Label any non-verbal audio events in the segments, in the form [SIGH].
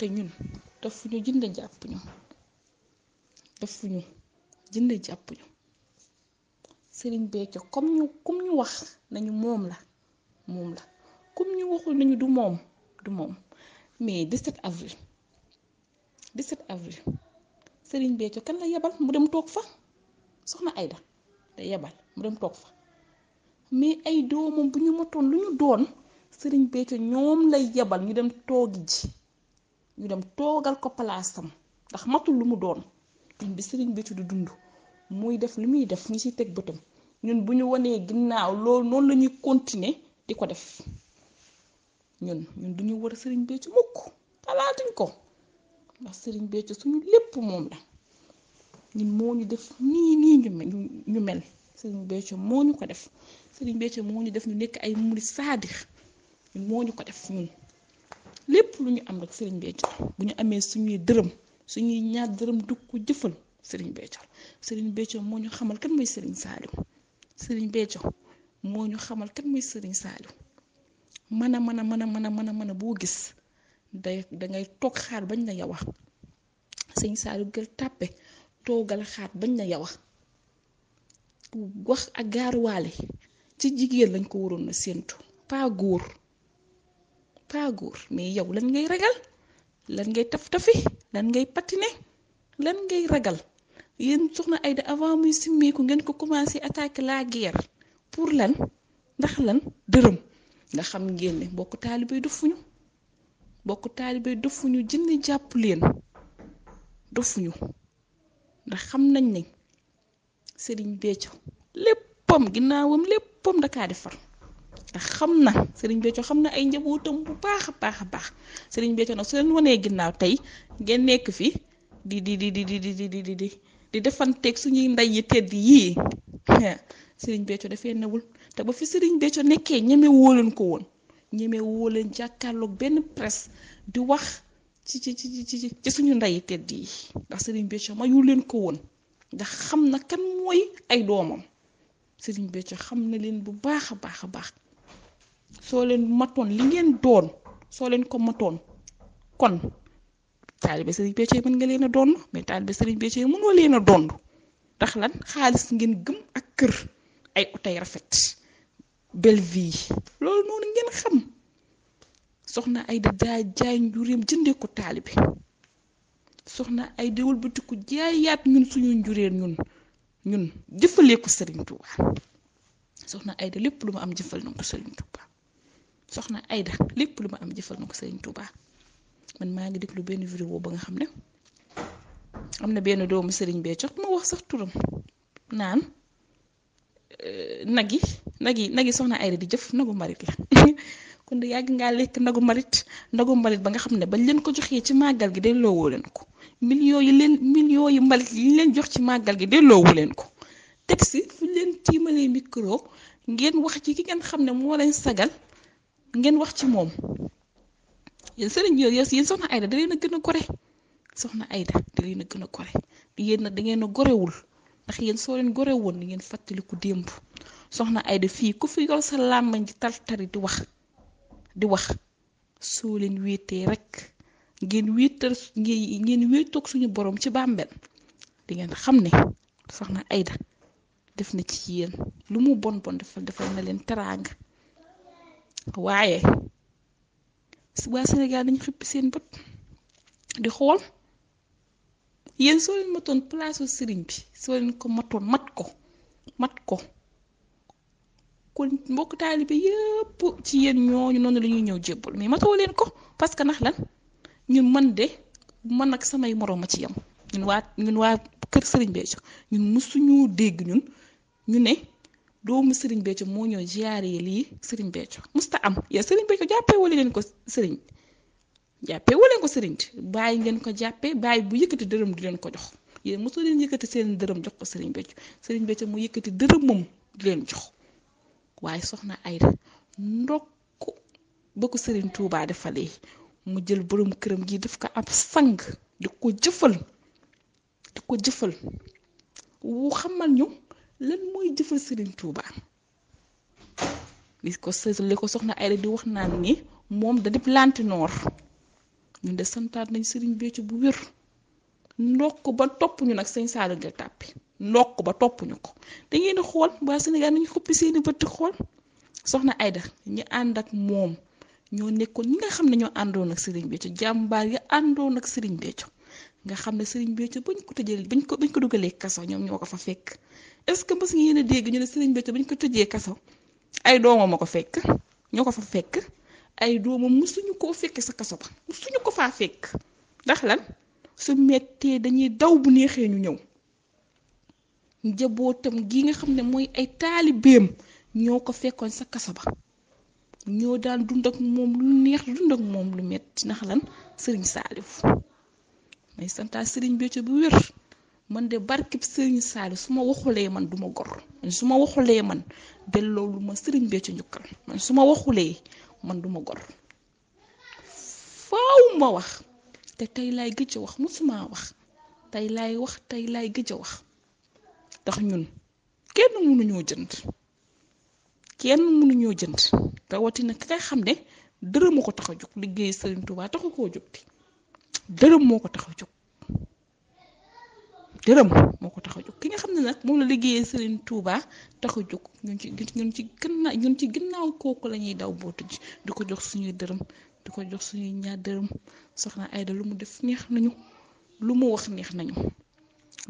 te ñun defuñu jënd jàpp ñu defuñu jënd jàpp ñu sëriñ Béthio comme ñu comme ñu wax nañu moom la moom la comme ñu waxul nañu du moom du moom mais 17 avril 17 avril sëriñ Béthio kan la yebal mu dem toog fa soxna Aida da yebal mu dem toog mais ay doomam bu ñu matoon lu ñu doon sëriñ Béthio ñoom lay yebal ñu dem toogi ji ñu dem toogal ko palaasam ndax matul lu mu doon bi sëriñ bi du dund muy def li muy def ñu ci teg bëtam ñun bu ñu wonee ginnaaw loolu noonu la ñuy continuer di ko def ñun ñun duñu war a sëriñ Béthio mukk xalaatuñ ko ndax sëriñ Béthio suñu lépp moom la ñun moo ñu def nii nii ñu mel ñu mel sëriñ Béthio moo ñu ko def sëriñ Béthio moo ñu def ñu nekk ay murid saadix ñun moo ñu ko def ñun lépp lu ñu am rek sëriñ Béthio bu ñu amee suñuy dërëm suñuy ñaar dërëm du ko jëfal sëriñ Béthio sëriñ Béthio moo ñu xamal kan mooy sëriñ Saliou sëriñ Béthio moo ñu xamal kan mooy sëriñ Saliou mën a mën a mën a mën a mën a mën a boo gis day dangay toog xaar bañ na yow wax sëriñ Saliou gël tàppe toogal xaar bañ na yow wax wax ak gaaruwaale ci jigéen lañ ko waroon na séentu pas taaguur mais yow lan ngay ragal lan ngay taf-tafi lan ngay patine lan ngay ragal yéen soxna Aida avant muy simmeeku ngeen ko commencé attaque laa guerre pour lan ndax lan dërëm nga xam ngeen bokk mbokk taalibe dofuñu bokk taalibe dofuñu jënd jàpp leen dofuñu ndax xam nañ ne Serigne Béthio léppam ginnaawam léppam dakaa defar ndax xam na Serigne Béthio xam na ay njabootam bu baax a baax a baax Serigne Béthio nag su leen wanee ginnaaw tey ngeen nekk fi di di di di di di di di di defanteeg suñuy nday yi tedd yii [LAUGHS] Serigne Béthio dafee newul te ba fi Serigne Béthio nekkee ñeme leen ko woon ñeme leen jàkkaarloog benn presse di wax ci suñu nday yi yi ndax Serigne Béthio mayu leen ko woon ndax xam na kan mooy ay doomam Serigne Béthio xam na leen bu baax a baax a baax. soo leen matoon li ngeen doon soo leen ko matoon kon taalibe sëriñ Béthio mën nga leen a doon mais taalibe sëriñ Béthio mënoo leen a doon ndax lan xaalis ngeen gëm ak kër ay otay rafet belle vie loolu noonu ngeen xam soxna ay da daa jaay njuréem jëndee ko taalibe soxna ay da wëlbatiku jaayaat ñun suñu njureel ñun ñun jëfalee ko sëriñ Touba soxna ay lépp lu ma am jëfal na ko sëriñ Touba soxna Aida lépp lu ma am jëfal na ko sëriñ Touba man maa ngi déglu benn vidéo ba nga xam ne am na benn doomu sëriñ bee jox ma wax sax turam naan euh, nag yi nag yi nag yi soxna Aida di jëf nagu mbalit la [LAUGHS] kon de yàgg ngaa lekk nagu mbalit nagu mbalit ba nga xam ne bañ leen ko joxee ci màggal gi delloowoo leen ko millions yi leen millions yi mbalit yi leen jox ci màggal gi delloowu leen ko teg si fu leen tiimalee micro ngeen wax ci ki ngeen xam ne moo leen sagal. ngeen wax ci moom yéen sëriñ yooyu yéen soxna Aida da leen a gën a gore soxna Aida da leen a gën a gore yéen nag da a gorewul ndax yéen soo leen gore woon ni ngeen fàttaliku démb soxna Aida fii ku fi yor sa làmmañ di tartari di wax di wax soo leen wéetee rek ngeen wéetal ngeen wéetoog suñu boroom ci bàmbel di ngeen xam ne soxna ayda def na ci yéen lu mu bon bon defal defal na leen teraanga. waaye waa Sénégal dañu xippi seen bët di xool yéen soo leen matoon palaasu sëriñ bi soo leen ko matoon mat ko mat ko kon mbokk taalibe yépp ci yéen ñooñu noonu lañuy ñëw jébbal mais matoo leen ko parce que ndax lan ñun man de man ak samay moroom a ci yam ñun waa ñun waa kër sëriñ Béthio ñun mësuñu dégg ñun ñu ne doomu Serigne Béthio moo ñëw ziyaare lii sëriñ Béthio musta am ya Serigne Béthio jàppee wala leen ko sëriñ jàppee wala ko Serigne bàyyi ngeen ko jàppee bàyyi bu yëkkati dërëm di leen ko jox yéen mosoo leen yëkkati seen dërëm jox ko Serigne Béthio Serigne Béthio mu yëkkati dërëm moom di leen jox waaye soxna ay ndokk ba ko Serigne Touba defalee mu jël borom këram gi daf ko ab sang di ko jëfal di ko jëfal wu xamal ñu. lan mooy jëfal sëriñ Touba li ko li ko soxna Ayda di wax naan ni moom da di lantinoor ñun de santaat nañ sëriñ Béthio bu wér ndokk ba topp ñu nag sëñ Saalum Dieng tàppi ndokk ba topp ñu ko da ngeen di xool waa Sénégal nañu xuppi seeni bët xool soxna Ayda ñu ànd ak moom ñoo nekkoon ñi nga xam ne ñoo àndoon ak Serigne Béthio jàmbaar ya àndoon ak Serigne Béthio nga xam ne Serigne Béthio bañ ko tëjee bañ ko bañ ko dugalee kaso ñoom ñoo ko fa fekk. est-ce que mës ngeen a dégg ñu ne Serigne Béthio bañ ko tëjee kaso ay doomam ma ko fekk ñoo ko fa fekk ay doomam mësuñu koo fekkee sa kaso ba mësuñu ko faa fekk ndax lan su mettee dañuy daw bu neexee ñu ñëw njabootam gi nga xam ne mooy ay taalibeem ñoo ko fekkoon sa kaso ba ñoo daan dund ak moom lu neex dund ak moom lu metti ndax lan Serigne Salif may santaa Serigne Béthio bu wér. man de barkib sëriñ Saliou su ma waxulee man duma gor man su ma waxulee man delloo lu ma sëriñ bee ci njukkal man su ma waxulee man duma gor faaw ma wax te tey laay gëj wax wax musumaa wax tey laay wax tey laay gëj wax ndax ñun kenn mënuñoo jënd kenn mënuñoo jënd rawatina ki nga xam ne dërëm moo ko tax a jóg liggéey sëriñ Tuubaa taxu koo jóg di dërëm moo ko tax a jóg dërëm moo ko tax a jóg ki nga xam ne nag moom la liggéeyee Serigne Touba taxu a jóg ñun ci ñun ci gannaaw ñun ci gannaaw kooku la ñuy daw bootu ji di ko jox suñuy dërëm di ko jox suñuy ñaar dërëm soxna Aida lu mu def neex nañu lu mu wax neex nañu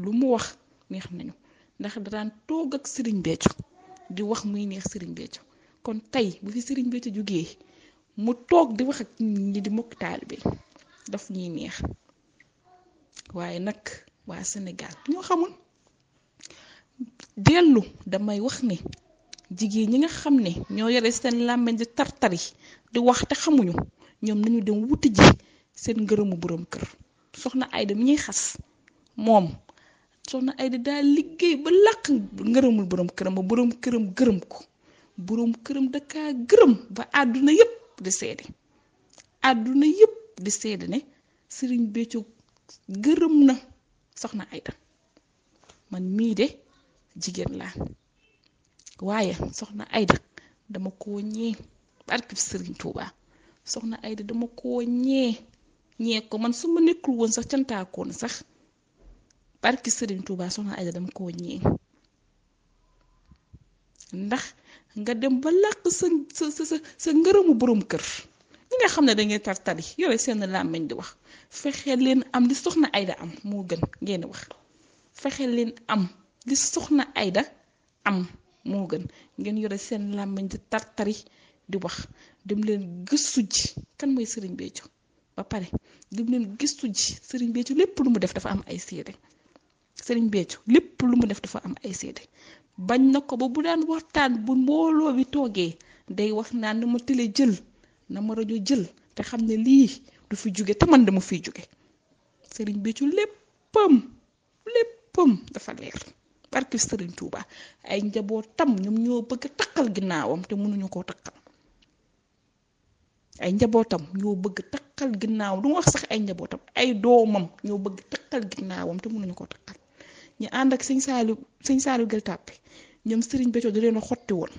lu mu wax neex nañu ndax da daan toog ak sëriñ Béthio di wax muy neex sëriñ Béthio kon tey bu fi Serigne Béthio jógee mu toog di wax ak ñi di mokk taalibe daf ñuy neex waaye nag. waa Sénégal ñoo xamul dellu damay wax ni jigéen ñi nga xam ne ñoo yore seen làmmiñ di tartari di wax te xamuñu ñoom nañu dem wuti ji seen ngërëmu boroom kër soxna Ayda mi ñuy xas moom soxna Ayda daal liggéey ba làq ngërëmul boroom këram ba boroom këram gërëm ko boroom këram dakaa gërëm ba àdduna yépp di seede àdduna yépp di seede ne Sëriñ Béthio gërëm na soxna Aida man mii de jigéen laa waaye soxna Aida dama koo ñee barkeb Sëriñ Tuuba soxna Aida dama koo ñee ñee ko man suma ma nekkul woon sax cantaakoon sax barki Sëriñ Tuuba soxna Aida dama koo ñee ndax nga dem ba làq sa sa sa sa ngërëmu boroom kër ñi nga xam ne dangay tartali yooyu seen làmmiñ di wax fexe leen am li soxna Aida am moo gën ngeen wax fexe leen am li soxna Aida am moo gën ngeen yore seen làmmiñ di tartari di wax dem leen gëstu ji kan mooy Serigne Béthio ba pare dem leen gëstu ji Serigne Béthio lépp lu mu def dafa am ay seede Serigne Béthio lu mu def dafa am ay seede bañ na ko ba bu daan waxtaan bu mbooloo bi toogee day wax naan ma tële jël. na ma rajo jël te xam ne lii du fi jóge te man dama fiy jóge sëriñ Béthio léppam léppam dafa leer barki sëriñ Touba ay njabootam ñoom ñoo bëgg taqal ginnaawam te mënuñu koo taqal ay njabootam ñoo bëgg taqal ginnaaw du ma wax sax ay njabootam ay doomam ñoo bëgg taqal ginnaawam te mënuñu koo taqal ñu ànd ak sëñ Saalu sëñ Saalu Gueule Tapée ñoom sëriñ Béthio da leen a xotti woon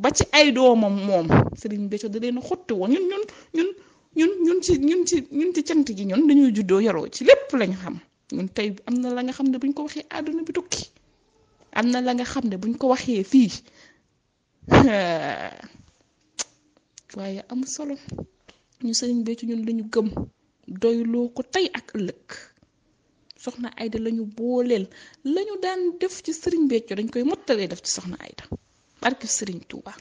ba ci ay doomam moom sëriñ Béthio da na xotti woon ñun ñun ñun ñun ñun ci ñun ci ñun ci cant gi ñun dañuy juddoo yaroo ci lépp lañ xam ñun tey am na la nga xam ne buñ ko waxee àdduna bi tukki am na la nga xam ne buñ ko waxee fii [LAUGHS] waaye am solo ñu Serigne Béthio ñun lañu gëm doyloo ko tey ak ëllëg soxna Aida lañu booleel lañu daan def ci Serigne Béthio dañ koy mottalee def ci soxna Aida. barke sëriñ Touba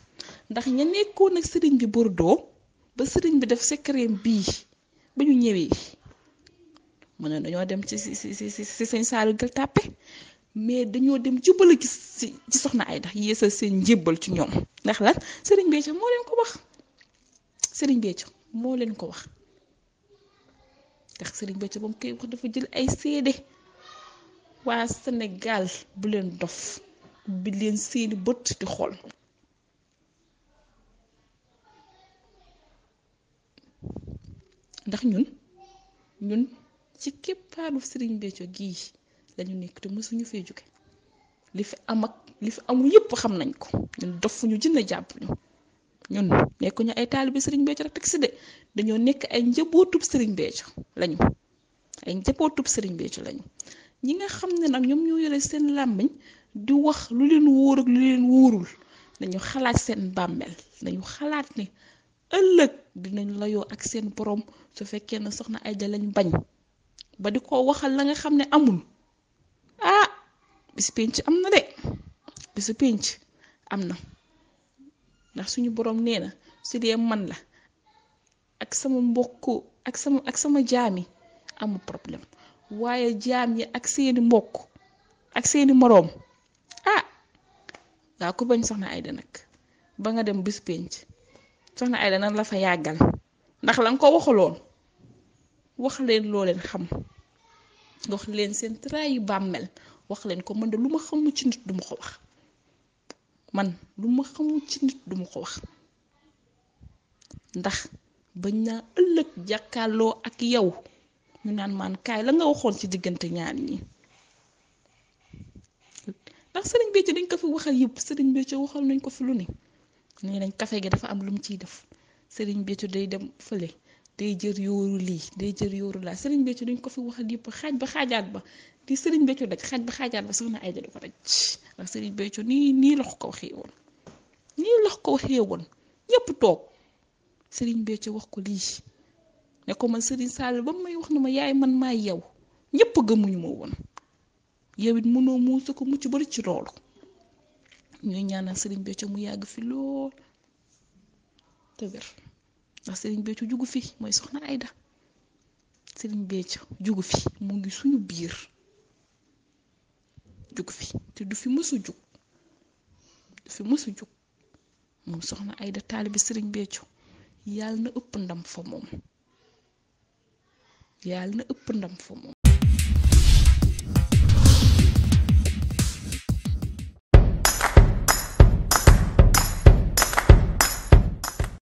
ndax ña nekkoon nag sëriñ bi Bordeaux ba sëriñ bi def secret bii ba ñu ñëwee mu ne dañoo dem ci ci ci ci ci Saalu Gueule Tapée mais dañoo dem jubal gis ci soxna ay ndax yéesal seen njébbal ci ñoom ndax la sëriñ Béthio moo leen ko wax sëriñ Béthio moo leen ko wax ndax sëriñ Béthio ci mu koy wax dafa jël ay seede waa Sénégal bu leen dof ubbi leen seeni bët di xool ndax ñun ñun ci képpaaru Serigne Béthio gii lañu nekk te mësuñu fee jóge li fi am ak li fi amul yépp xam nañ ko ñun dofuñu jën jàpp ñu ñun nekkuñu ay taalibe Serigne Béthio rek teg si de dañoo nekk ay njabootub Serigne Béthio lañu ay njabootub Serigne Béthio lañu ñi nga xam ne nag ñoom ñoo yore seen làmmiñ di wax lu leen wóor leen wóorul dañu xalaat seen bàmmeel nañu xalaat ne ëllëg dinañ layoo ak seen borom su fekkee ne soxna Aida lañ bañ ba di ko waxal la nga xam ne amul ah bisu penc am na de bisu penc am na ndax suñu boroom nee na su dee man la ak sama mbokk ak ak sama jaami amul problème waaye jaam yi ak seeni mbokk ak seeni moroom waaw ku bañ soxna Aida nag ba nga dem bis penc soxna Aida nan la fa yàggal ndax la nga ko waxuloon wax leen loo leen xam wax leen seen trayu bàmmeel wax leen ko man de lu ma xamu ci nit duma ko wax man lu ma xamul ndax bañ naa ëllëg jàkkaaloo ak yow ñu naan maan kaay la nga waxoon ci diggante ñaar yi ndax sëriñ Béthio dañ ko fi waxal yëpp sëriñ Béthio waxal nañ ko fi lu ne nee nañ gi dafa am lu mu ciy def sëriñ Béthio day dem fële day jër yóoru lii day jër yóoru laa sëriñ Béthio dañ ko fi waxal yëpp xaaj ba xaajaat ba di sëriñ Béthio daj xaaj ba xaajaat ba soxna Aïda sëriñ Béthio nii nii la ko waxee woon nii ko waxee woon ñëpp toog sëriñ Béthio wax ko lii ne ko man sëriñ Sall ba may wax na ma yaay man maay yow ñëpp gëmuñu ma woon. yow it mënoo muusa ko mucc bari ci loolu ñuy ñaanal sëriñ Béthio mu yàgg fi lool te wér ndax Serigne Béthio jugu fi mooy soxna ayda sëriñ Béthio jugu fi mu ngi suñu biir jugu fi te du fi mësu jug du fi mësu jug moom soxna Aida taalibi sëriñ Béthio yàlla na ëpp ndam fa moom yàlla na ëpp ndam fa moom